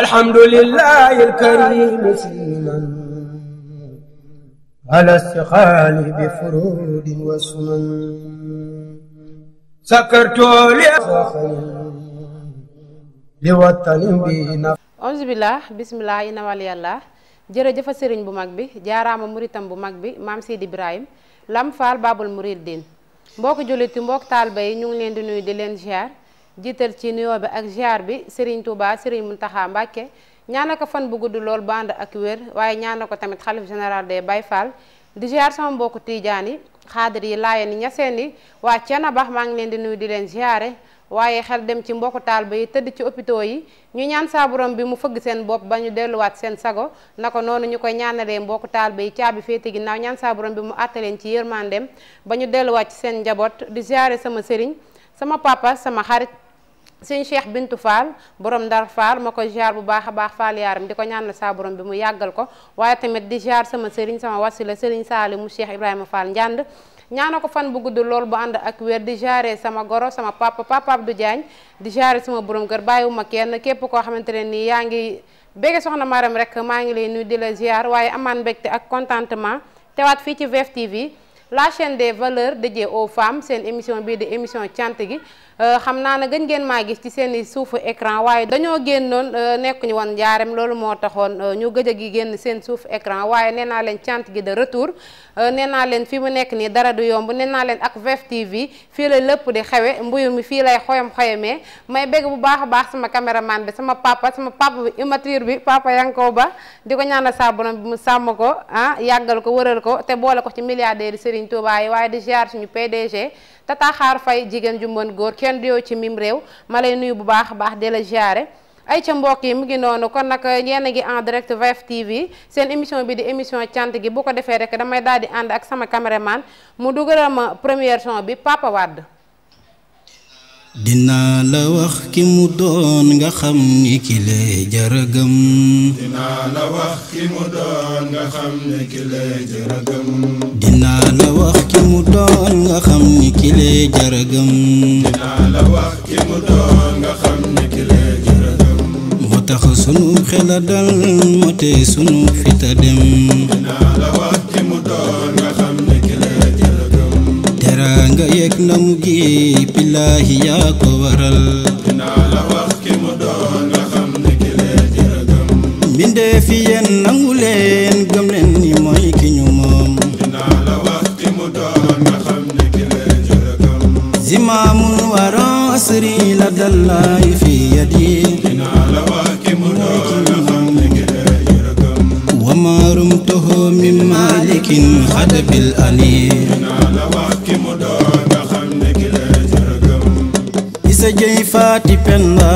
الحمد لله الكريم سيما على السخال بفرود وسمن سكرت لأخي لوطن به بينا أعوذ بالله بسم الله إنا ولي الله جرى جفا سرين بمكبي جارا مريتم بمكبي مام سيد إبراهيم لم فال باب المريدين mbok julit mbok talbay ñu ngi leen di nuyu di leen jiital ci nuyoo bi ak ziar bi Serigne Touba Serigne Mountakha Mbacké ñaana ko fan bu gudd lool band ak wér waaye ñaana ko tamit xalif général de bay Fall di ziar sama mbokku tiijaan yi xaadir yi ni ña seen yi waa ceena bax maa ngi leen di nuyu di leen ziare waaye xel dem ci mbokku taal ba yi tëdd ci hôpitaux yi ñu ñaan saa bi mu fëgg seen bopp ba ñu delluwaat seen sago naka noonu ñu koy ñaanalee mbokku taal ba yi caabi féete ginnaaw ñaan saa borom bi mu àttaleen ci yërmandeem ba ñu delluwaat ci seen njaboot di ziare sama sëriñ sama papa sama xarit suñ Cheikh Bintu Fall borom Ndar Fall ma ko jaar bu baax a baax Fall yaaram di ko ñaan saa borom bi mu yàggal ko waaye tamit di jaar sama sëriñ sama wasila sëriñ Saali mu Cheikh Ibrahima Fall Njànd ñaana ko fan bu gudd lool bu ànd ak wér di jaare sama goro sama papa papa du Diagne di jaare sama borom kër bàyyiwuma kenn képp koo xamante ne nii yaa ngi bége soxna Maram rek maa ngi lay nuyu di la ziar waaye amaan mbégte ak contentement tewaat fii ci VFtv la chaîne des valeurs dédiée aux femmes seen émission bii di émission cant gi Euh, xam naa ne gën ngeen maa gis ci seeni suufu écran waaye dañoo génnoon euh, nekk ñu woon njaareem loolu moo taxoon euh, ñu gëj a gi génn seen suufu ecran waaye nee naa leen cant gi de retour nee naa leen fi mu nekk nii dara du yomb nee naa leen ak VF TV fii la lëpp di xewe mbuyu mi fii lay xoyam xoyamee may bégg bu baax a baax sama caméraman bi sama papa sama papa bi immature bi papa ba di ko ñaanal saa borom bi mu sàmm ko ah yàggal ko waral ko te boole ko ci milliardaire Serigne Touba yi waaye di ziar suñu PDG Tata Xaar Fay jigéen ju mën góor kenn du ci mim réew ma lay nuyu bu baax a baax di la jaare ay ca mbokk yi mu ngi noonu kon nag eh, yéen gi ngi en direct VF TV seen émission bi di émission cant gi bu ko defee rek damay daal di ànd ak sama caméraman mu dugalal ma première son bi Papa Wade dinaa la wax ki mu doon nga xam ni ki lay jaragam dinaa la wax ki xam ni ki lay jaragam dinaa moo tax sunu xel a dal moo te sunu fita dem nga na mu gi yaa ko waral naa la wax ki mu doon nga xam ne fi yéen nangu leen gëm leen mooy ki ñu moom naa la wax ki mu doon nga xam ne asri la dallaayi fi yadi naa la wax ki mu doon nga xam ne min malikin xadabil ali waati Penda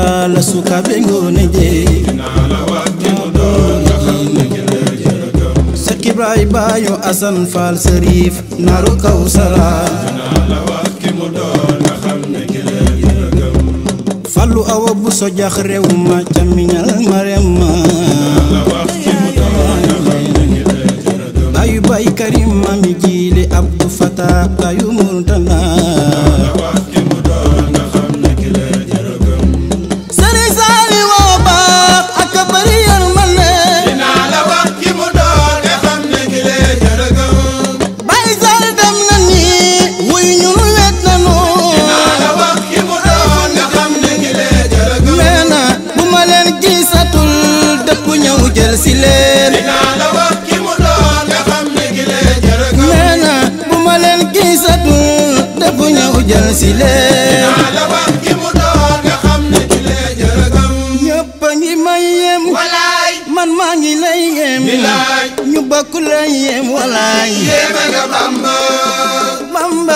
Bay Karim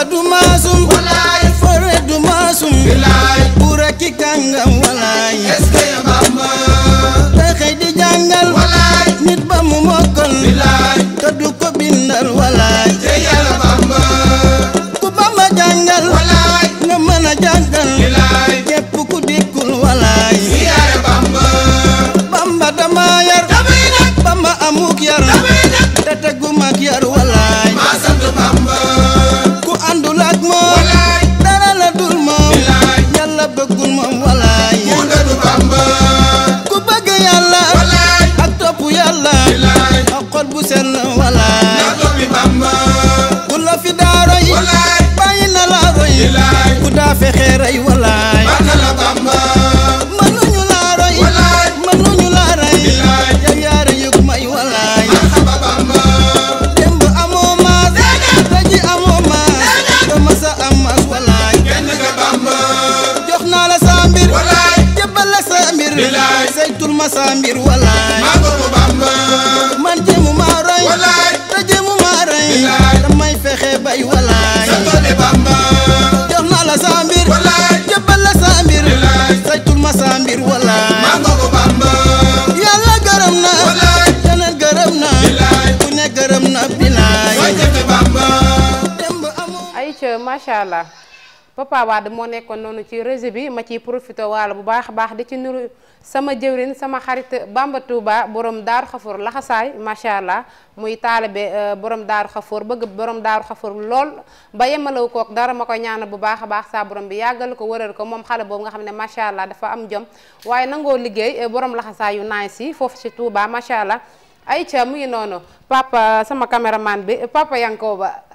Bamba du maasum walaay fore du maasum bilaay buur ak ki kàngam walaay est-ce que Bamba te xëy di jàngal walaay nit ba mu mokkal bilaay te du ko bindal walaay sama mbir walaay maa bëgg Bamba man jéemu maa roy walaay te jéemu maa roy bilaay damay fexe bay walaay sa toole Bamba jox naa la sama mbir walaay jëbbal la sama mbir bilaay saytul ma sama mbir walaay maa bëgg Bamba yàlla gërëm na walaay yeneen gërëm na bilaay ku ne gërëm na bilaay ay ca macha allah Papa Wade mo nekkon nonu ci réseau bi ma ci profito wala bu baax baax di ci nuru sama jëwrin sama xarit Bamba Touba borom daaru xafoor laxasaay macha allah muy talibé borom dar khafour bëgg borom dar khafour lol ba yemalaw ko dara mako ñaan bu baax baax sa borom bi yagal ko wërël ko mom xale boobu nga xamné ne macha allah dafa am jom waye nango liggéey borom la xassay yu naay si foofu si Touba macha allah ay ayca mu ngi noonu papa sama caméraman bi papa ay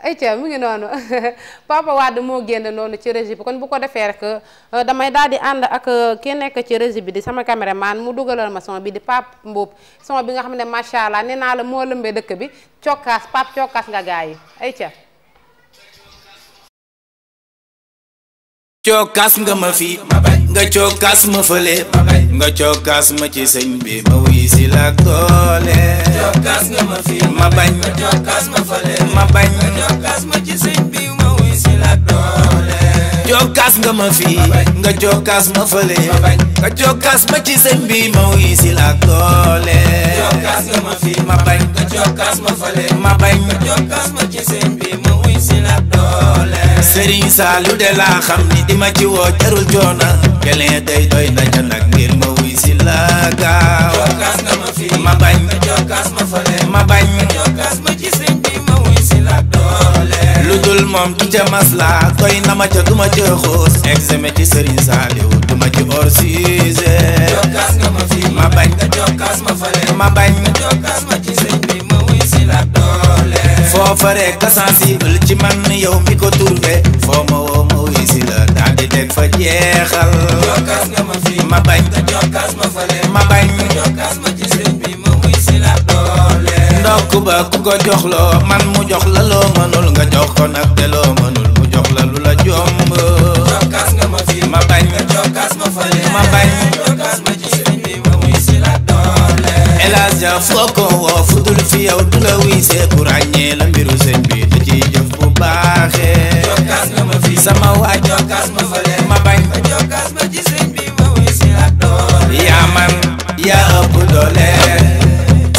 ayca mu ngi noonu papa Wade moo génn noonu ci régie bi kon bu ko defee rek euh, damay daal di ànd ak euh, ki nekk ci régie bi di sama caméraman mu dugalal ma son bi di pap Mboup son bi nga xam ne macha allah ne naa la moo lëmbee dëkk bi cokkaas pap cokkaas nga gars yi ayca. cookaas nga ma fi nga cookaas ma fële nga cookaas ma ci sëñ bi ma wuy si la doole cookaas nga ma fi ma bañ nga cookaas ma fële ma bañ nga cookaas ma ci sëñ bi ma wuy si la doole cookaas nga ma fi nga cookaas ma fële nga cookaas ma ci sëñ bi ma wuy si la doole cookaas nga ma fi ma bañ nga cookaas ma fële ma bañ nga cookaas ma ci sëñ bi ma wuy si la doole Serigne Saliou de laa ni di ma ci woo jarul joona kelee day doy na ca nag ngir ma wuy si la gaaw ma fii ma bañ nga ma fale ma bañ nga ma ci sëñ ma wuy si doole lu dul moom du ca masla na ma ca du ma ca xoos examen ci Serigne Saliou du ma ci hors sujet jokkaas ma fii ma bañ nga ma fale ma bañ boo faree ka sensible ci man yow mi ko turbe foo ma woo ma wuy si la fa jeexal. ma fii ma bañ. ma bañ. ma ci sëñ bi ma wuy si la doole. ndokk ba ku ko jox man mu jox mënul nga jox ko nag te mënul mu jox la lu la jomb. jokkaas nga ma fii ma bañ. ma bañ. la foo ko woo yaa man yaa ëpp doole.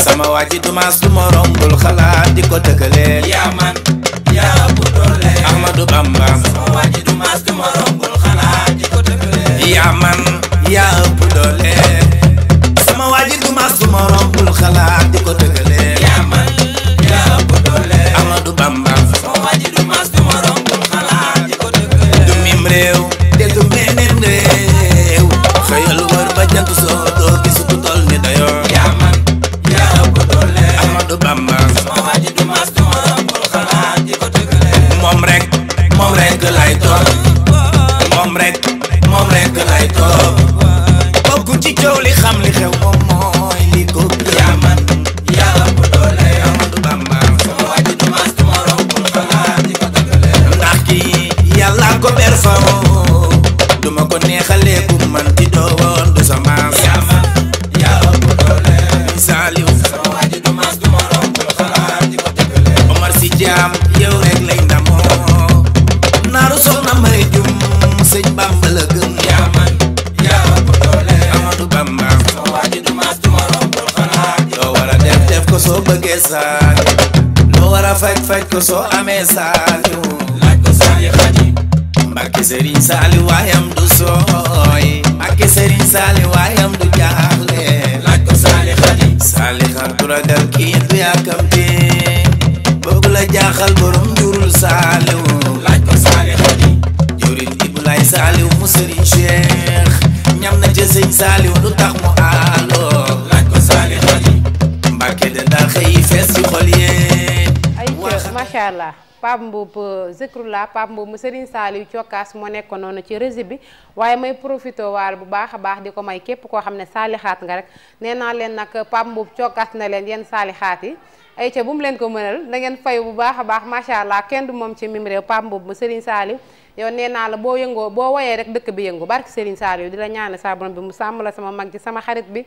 sama waa ji du ma rombul xalaat di ko xalaat di ko tëkkalee. yaa man yaa ëpp doole. ma rombul xalaat di ko dëggal tu so a mesa Pape Mboup euh, Zikroulah Pape Mboup mu Serigne Saliou Cokkaas moo nekk noonu ci régie bi waaye may profité waal bu baax a baax di ko may képp koo xam ne saalixaat nga rek nee naa leen nag Pape Mboup Cokkaas na leen yéen saalixaat yi ayca bu mu leen ko mënal da ngeen fayu bu baax a baax macha allah kenn du moom ci mim réew Pape Mboup mu Serigne Saliou yow nee naa la boo yëngoo boo woyee rek dëkk bi yëngu barki Serigne Saliou di la ñaanal sa bi mu sàmm la sama mag ji sama xarit bi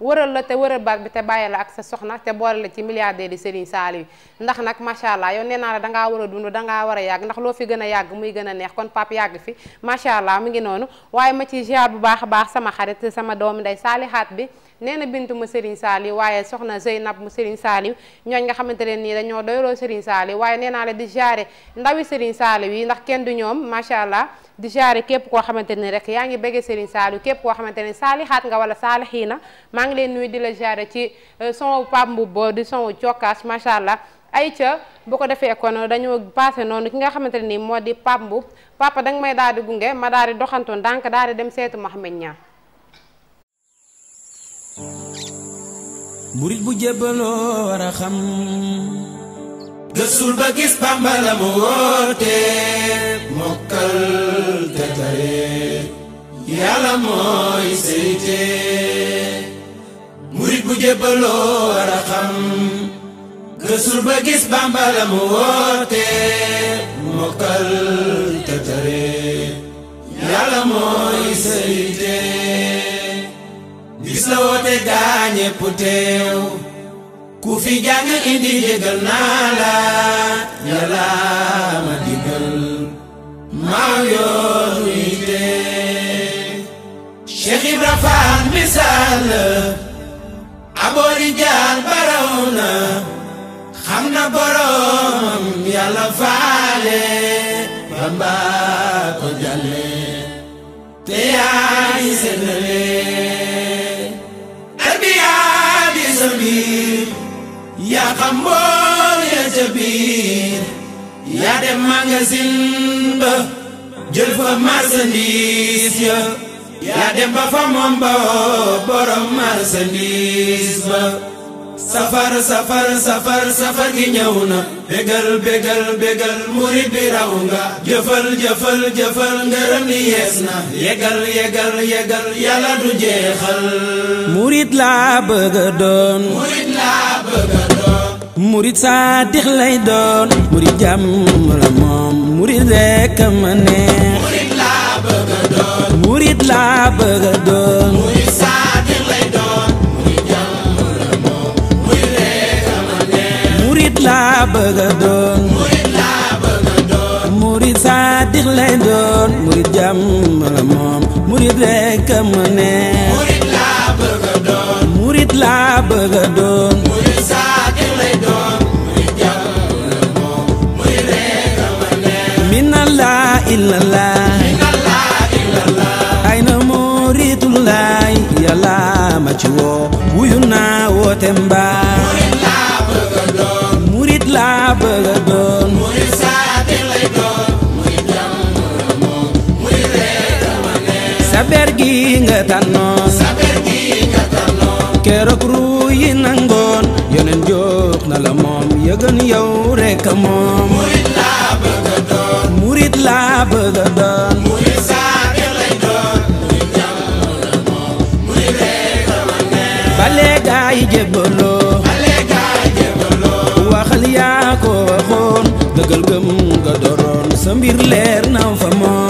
wëral la te wëral baat bi te bayal ak sa soxna te boral la ci milliardé di Serigne Saliou ndax nag macha allah yow nee la da nga a dundu da nga wara yag ndax lo fi gëna yag muy gëna neex kon pap yag fi macha allah mu ngi nonu waye ma ci ziar bu baax baax sama xarit sama doomu nday salihat bi nee bintu mu Serigne Saliou waye soxna zainab mu Serigne Saliou ñooñ nga xamante ni dañu dañoo Serigne Saliou waye nee la di ziare ndawi Serigne Saliou yi ndax kenn du ñoom macha allah di jaare képp koo xamante ni rek yaa ngi bëgge Serigne Saliou képp koo xamante ni saalixaat nga wala saalixiina maa ngi leen nuyu di la jaare ci euh, son Pape Mboup di son cokkaas macha allah. ayca bu ko defee kon dañoo passé noonu ki nga xamante ne nii moo di Pape Mboup papa danga may daal di gunge ma daal di doxantu ndànk daal di dem seetu Mouhamed Niang. murit bu jébbaloo war a xam. gëstul ba gis Bàmba la mu woote mokkal te tare yàlla mooy seyte murit bu jébbaloo war a xam gëstul ba gis Bàmba la mu woote mokkal te tare yàlla mooy seyte gis la woote gaa ñépp teew ku fi jàng indi yëgal naa la yàlla ma digal maw yoon wi te Cheikh Ibra misaal la aboori baraw na xam na boroomam yàlla faale Bamba ko jàlle te yaay seddale mbool ya ca biir yaa ba jël fa marchandise ya yaa dem ba fa moom ba borom marchandise ba safar safar safar gi ñëw na bégal bégal bégal murit bi raw nga jëfal jëfal jëfal ngërëm li yees na yegal yegal yegal du jeexal murit laa bëgg murit saadix lay doon murit jàmm la moom murit rekk ma neex nga tànnoon saber gi nga tànnoon keroog ruu yi nangoon yeneen jóg na la moom yëgën yow rek moom murit laa a doon murit laa bëgg a murit saber lay doon murit jàmm la moom murit rek ma neex bale gaay jébbaloo bale gaay jébbaloo waxal yaa ko waxoon dëggal gëm nga doroon sa mbir leer na fa moom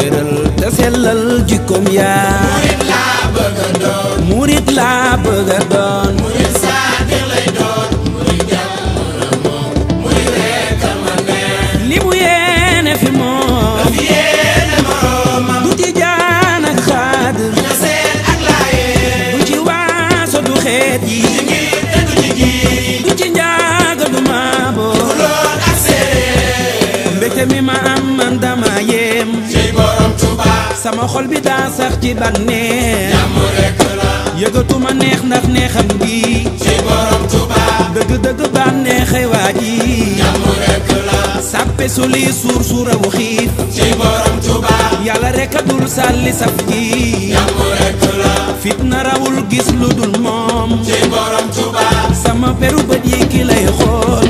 jikkoom yaa murit laa bëgga doon murit laa bëgga doon sama xol bi daa sax ci bànneex jàmm rek la yëgatuma neex ndax neexam bi ci borom Tuuba dëgg-dëgg bànneexay waa ji jàmm rek la sàppe su li suur suurawu xiif ci borom Tuuba yàlla rek a dul sàlli saf ji jàmm rek la fitna rawul gis lu dul moom ci borom Tuuba sama peru bët yi ki lay xool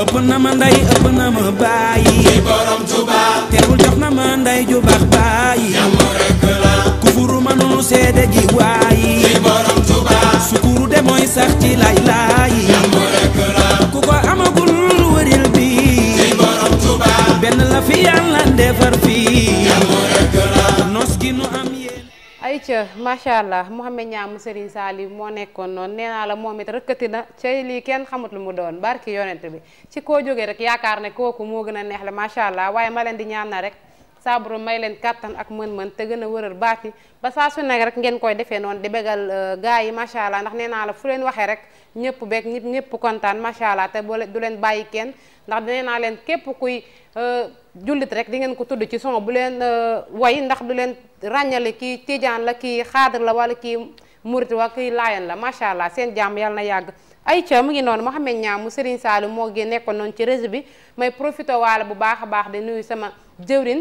ëpp na ma ndey ëpp na ma bàyyi di jox na ma ndey ju bàyyi jàmm rekk la kufuru mënul seede ji waayi di borom Tuuba sukuru de mooy sax ci lay laay jàmm rekk la ku ko amagul wëril bi di borom Tuuba benn la fi yàlla defar fii acca macha allah Mouhamed Niang Serigne Saliou moo nekkoon noonu nee naa la moom it rëkkati na ca lii kenn xamut lu mu doon barki yonent bi ci koo jógee rek yaakaar ne kooku moo gën a neex la macha allah waaye ma leen di ñaan na rek saa borom may leen kàttan ak mën-mën te gën a wëral baat yi ba saa su nekk rek ngeen koy defee noonu di bégal euh, gars yi macha allah ndax nee la fu leen waxee rek ñëpp beeg ñëpp ñëpp kontaan macha allah te du leen bàyyi kenn ndax nee naa jullit rek di ngeen ko tudd ci son bu leen euh, way ndax du leen ràññale kii tiijaan la kii xaadar la wala kii murit waa kii laayan la macha allah seen jàmm yal na yàgg ay ca mu ngi noonu ma Mouhamed ñaam mu Serigne Saliou moo gi nekkoon noonu ci réseau bi may profité waale bu baax a baax di nuyu sama jëwrin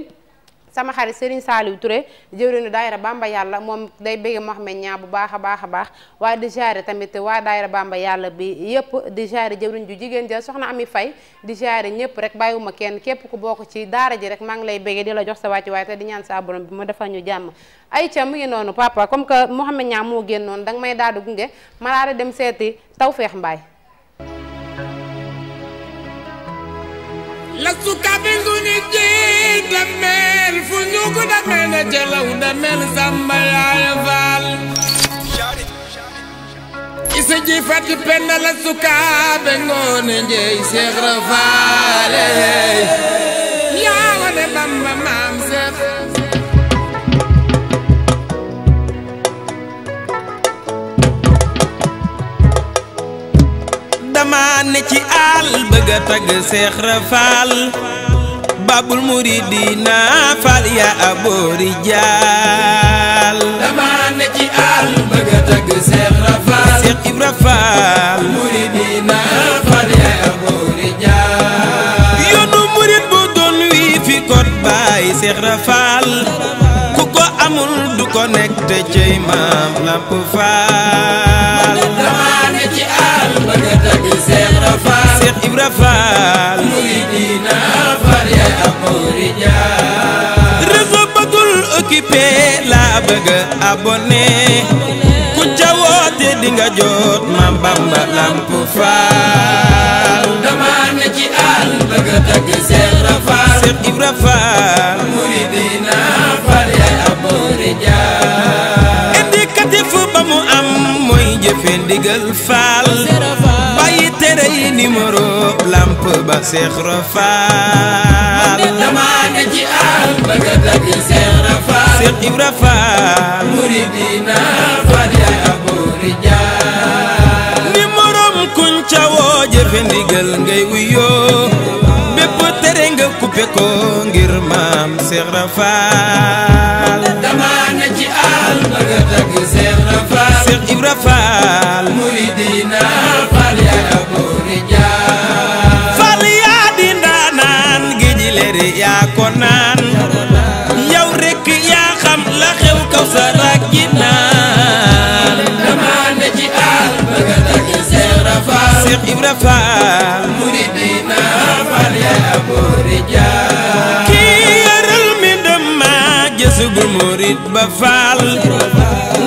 sama xarit Serigne Saliou Touré jëwriñu daayira Bamba Yàlla moom day bëgg Mohamed ñaa bu baax a baax a baax waaye di jaare tamit waa daayira Bamba Yàlla bi yëpp di jaare jëwriñ ju jigéen ja soxna Ami Fay di jaare ñëpp rek bàyyiwuma kenn képp ku bokk ci daara ji rek maa ngi lay bëgg di la jox sa wàcc waaye te di ñaan sa borom bi mu defal ñu jàmm ay ca mu ngi noonu papa comme que Mohamed ñaa moo noonu danga may daal di gunge ma dem seeti Tawfeex Mbaay lastu kabin ku nit ji dameel fu ñuuk dameel na jalaw dameel samba yaaya faal isa ji fati penna lastu kabin ngoone njeey seex rafaale ci àll bëgg a tagg seex rafaal babul muridina faal yaa aboori dama ne ci àll bëgg a tagg seex rafaal seex ibra faal faal yaa aboori jaal yoonu bu doon wii fi kot ku ko amul du connecté cey maam lamp faal neta bi Seex Ibra Faal Seex Ibra Faal yaay amorija réseau bëggul occupé laa Seex Ibra Faal Seex Ibra Faal muridina far yaay amorija indicatif ba mu am mooy jëfe ndigal Faal ay numéro lamp ba Seex Rafaal damaa ne ci àll bëgg a dagg Seex Rafaal Seex Ibra Faal muridina Faal yaay Abu Rijaal numérom kuñ ca woo jëfe ndigal ngay wuyoo bépp tere nga coupé ko ngir maam Seex Rafaal damaa ne ci àll bëgg a dagg Seex Rafaal Cheikh Ibra Fall muridina fal yaa burijaal kii yaral mi dama jësu bu murid ba faal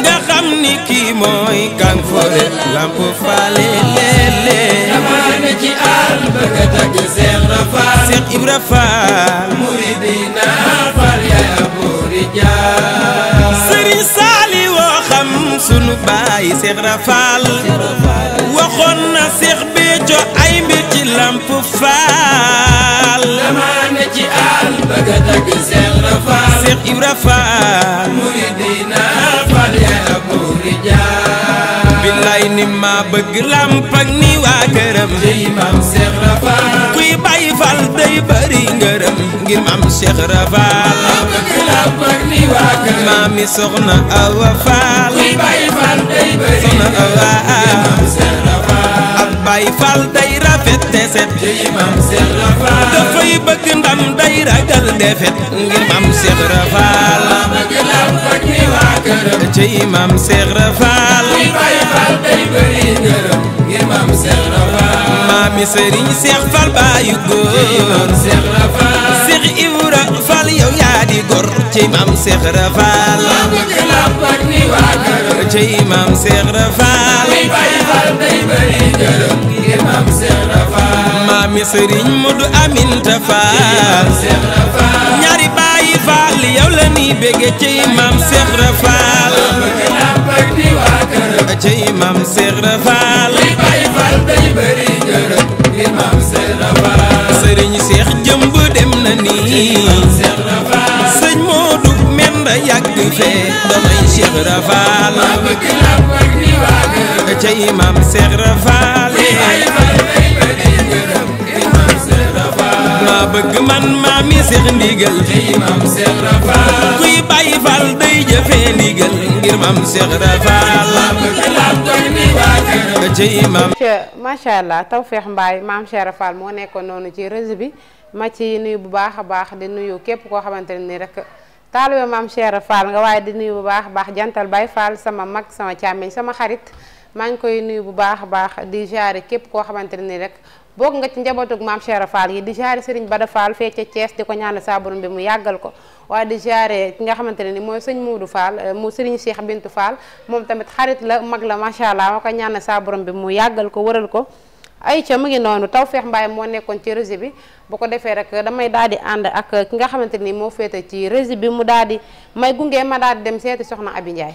nga xam ni kii mooy kan foore lamp faale leele damaane ci àll bëgg a tagg Cheikh na Fall Cheikh Ibra Fall muridina fal yaa burijaal sëriñ Saali woo xam sunu baay Cheikh Ibra Fall waxoon bëgg a dagg Seex Ibra Faal Seex Ibra Faal muridina fal ya abu ni ma bëgg làmp ni waa këram day maam Seex Ibra Faal kuy bàyyi fal day bari ngërëm ngir maam Seex Ibra Faal bëgg làmp ni waa këram maami soxna Awa Faal kuy bàyyi fal day bari ngërëm soxna Awa Baay Faal day rafet te set jëyi maam Cheikh Rafaal dafay bëgg ndam day ragal ndeefet ngir maam Cheikh Rafaal bëgg lam fak ni waa këram jëyi maam Cheikh Faal day bëri ngërëm ngir maam Cheikh Rafaal maami Cheikh Ibra Fall yow yaa di gor ci maam Cheikh Ibra Fall ci maam Cheikh Ibra Fall maami sëriñ Modu Aminta Fall ñaari bàyyi Fall yow la ni bége ci maam Cheikh Ibra Fall ci maam Cheikh Ibra Fall sëriñ Cheikh jëmb dem gi sëñ Modou Mbenda yàgg fee damay Cheikh Rafal ca imam Cheikh Rafal maa bëgg man maami Cheikh ndigal kuy bàyyi fal day jëfee ndigal ngir maam Cheikh Rafal ca imam macha allah Tawfekh Mbaye maam Cheikh Rafal moo nekkoon noonu ci réseau bi ma ci nuyu bu baax a baax di nuyu képp koo xamante ne nii rek taalibe maam Cheikh Fall nga waaye di nuyu bu baax a baax jantal Baye Fall sama mag sama càmmiñ sama xarit maa ngi koy nuyu bu baax a baax di jaare képp koo xamante ne nii rek bokk nga ci njabootug maam Cheikh yi di jaare Serigne Bada Fall fee ca Thiès di ko ñaanal saa borom bi mu yàggal ko waaye di jaare ki nga xamante ne ni mooy sëñ Moudou faal eh, mu Serigne Cheikh Bintou Fall moom tamit xarit la mag la macha allah ma ko ñaanal saa borom bi mu yàggal ko waral ko. ay ca mu ngi noonu Tawfekh mbaay moo nekkoon ci régie bi bu ko defee rek damay daal di ànd ak ki nga xamante ni moo féete ci régie bi mu daal di may gunge ma daal dem seeti soxna Abi Ndiaye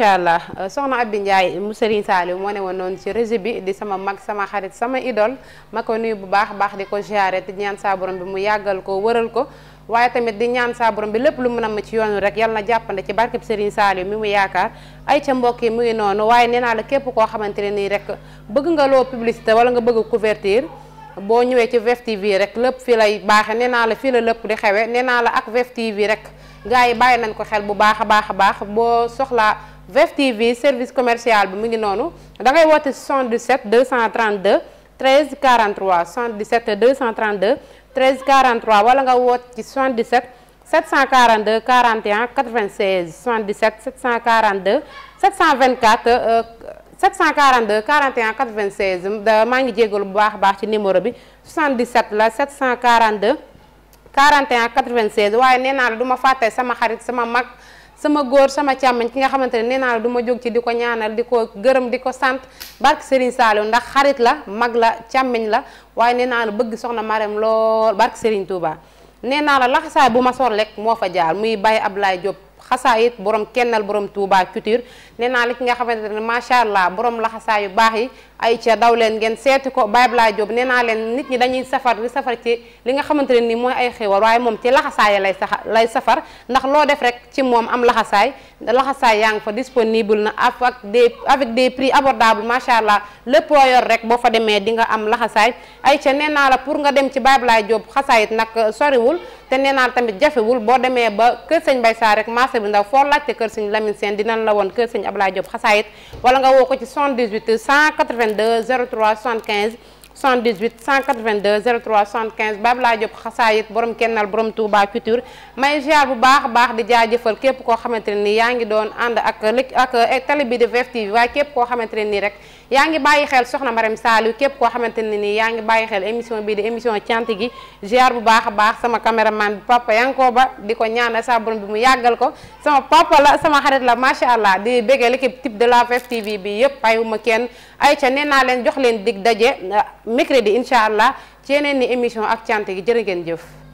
macha allah soxna Abdi Ndiaye mu Serigne Saliou moo ne woon noonu ci réseau bi di sama mag sama xarit sama idole ma ko nuyu bu baax baax di ko ziare te ñaan saa bi mu yàggal ko wëral ko waaye tamit di ñaan saa borom bi lépp lu mën a ma ci yoonu rek yal na jàppande ci barkeb Serigne Saliou mi mu yaakaar ay ca mbokk yi mu ngi noonu waaye nee naa la képp koo xamante ne nii rek bëgg nga loo publicité wala nga bëgg couverture. boo ñëwee ci VF TV rek lépp fii lay baaxe nee naa la fii la lépp di xewe nee la ak VF TV rek gars yi bàyyi nañ ko xel a a VEF TV service commercial bi mu ngi noonu 77 232 13 43 77 232 13 43 wala nga woote ci 77 742 41 96 77 742 724 742 41 96 da maa ngi jégalu bu ci numéro bi 77 la 742 41 96 waaye nee naa la du ma sama xarit sama sama góor sama càmmiñ ki nga xamante ne nee naa la du jóg ci di ko ñaanal di ko gërëm di ko sant barke Serigne Saliou ndax xarit la mag la càmmiñ la waaye nee naa la bëgg soxna mareem lool barke Serigne Touba. nee naa la laxasaay bu ma sor lekk moo fa jaar muy Baye Ablaye Diop xasaayit borom kennal borom Touba culture nee naa la ki nga xamante ne macha allah borom laxasaay yu baax yi. ay ca daw leen ngeen seeti ko Baye Abdoulaye Diop nee naa leen nit ñi dañuy safar di safar ci li nga xamante ne ni mooy ay xéwal waaye moom ci laxasaay lay sax lay safar ndax loo def rek ci moom am laxasaay laxasaay yaa ngi fa disponible na avec des avec des prix abordables macha allah lépp loo yor rek boo fa demee di nga am laxasaay ay ca nee naa la pour nga dem ci Baye Abdoulaye Diop xasaayit nag soriwul te nee naa tamit jafewul boo demee ba kër sëñ bay Sarr rek marché bi ndaw foo laajte kër sëñ Lamine Sène dinañ la woon kër sëñ Abdoulaye Diop xasaayit wala 182 03 75 78 182 03 75 Baab laa Diop xasaayit borom kennal borom Touba Couture may ziar bu baax a baax di jaa jaajëfal képp koo xamante ne nii yaa ngi doon ànd ak ak eh, télé bi di VFtv waaye képp koo xamante ne nii rek. yaa ngi bàyyi xel soxna Marème Saliou képp koo xamante ne nii yaa ngi bàyyi xel émission bii di émission cant gi ziar bu baax a baax sama man bi papa ba di ko ñaana sa bi mu yàggal ko sama papa la sama xarit la macha allah di béggee l'équipe type de la FTV bi yëpp bàyyiwuma kenn ay ca nee leen jox leen digg daje euh, mercredi incha allah ci yeneen ni émission ak cant gi jërë ngeen jëf